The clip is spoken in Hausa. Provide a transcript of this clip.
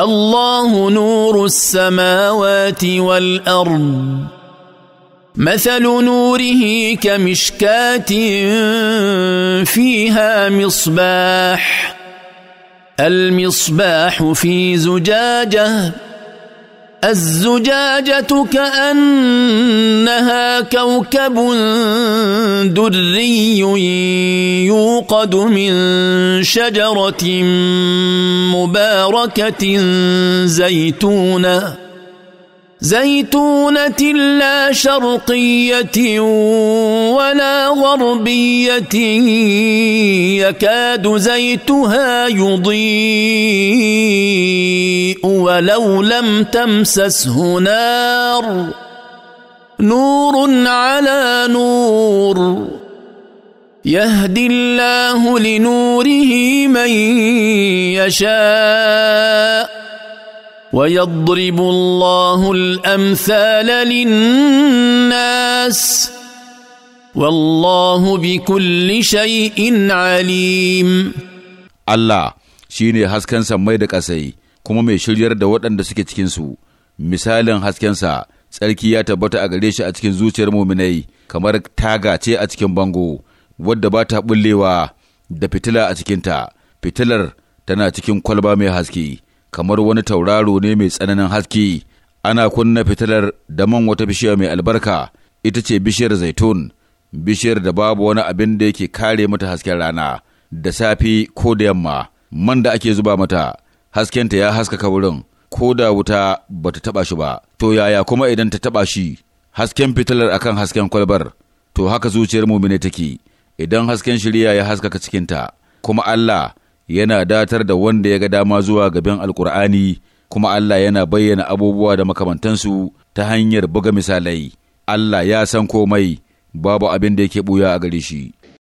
الله نور السماوات والارض مثل نوره كمشكاه فيها مصباح المصباح في زجاجه الزجاجه كانها كوكب دري يوقد من شجره مباركه زيتونه زيتونه لا شرقيه ولا غربيه يكاد زيتها يضيء ولو لم تمسسه نار نور على نور يهدي الله ya sha يشاء ويضرب الله الامثال للناس والله بكل شيء عليم الله shine hasken mai da ƙasai kuma mai shiryar da waɗanda suke cikinsu misalin haskensa Sarki ya tabbata a gare shi a cikin zuciyar muminai kamar taga ce a cikin bango wadda ba ta bullewa da fitila a cikinta, fitilar tana cikin kwalba mai haske, kamar wani tauraro ne mai tsananin haske, ana kunna fitilar da man wata bishiya mai albarka, ita ce bishiyar zaitun, bishiyar da babu wani abin da yake kare mata hasken rana, da safe ko da yamma, man da ake zuba mata, haskenta ya haskaka wurin, ko da wuta ba ta taɓa shi ba, to yaya kuma idan ta taɓa shi, hasken fitilar akan hasken kwalbar, to haka zuciyar mu mumine take. idan hasken shirya ya haskaka cikinta, kuma Allah yana datar da wanda ya ga dama zuwa gaban al'kur'ani kuma Allah yana bayyana abubuwa da makamantansu ta hanyar buga misalai. Allah ya san komai, babu abin da yake ɓuya a gare shi.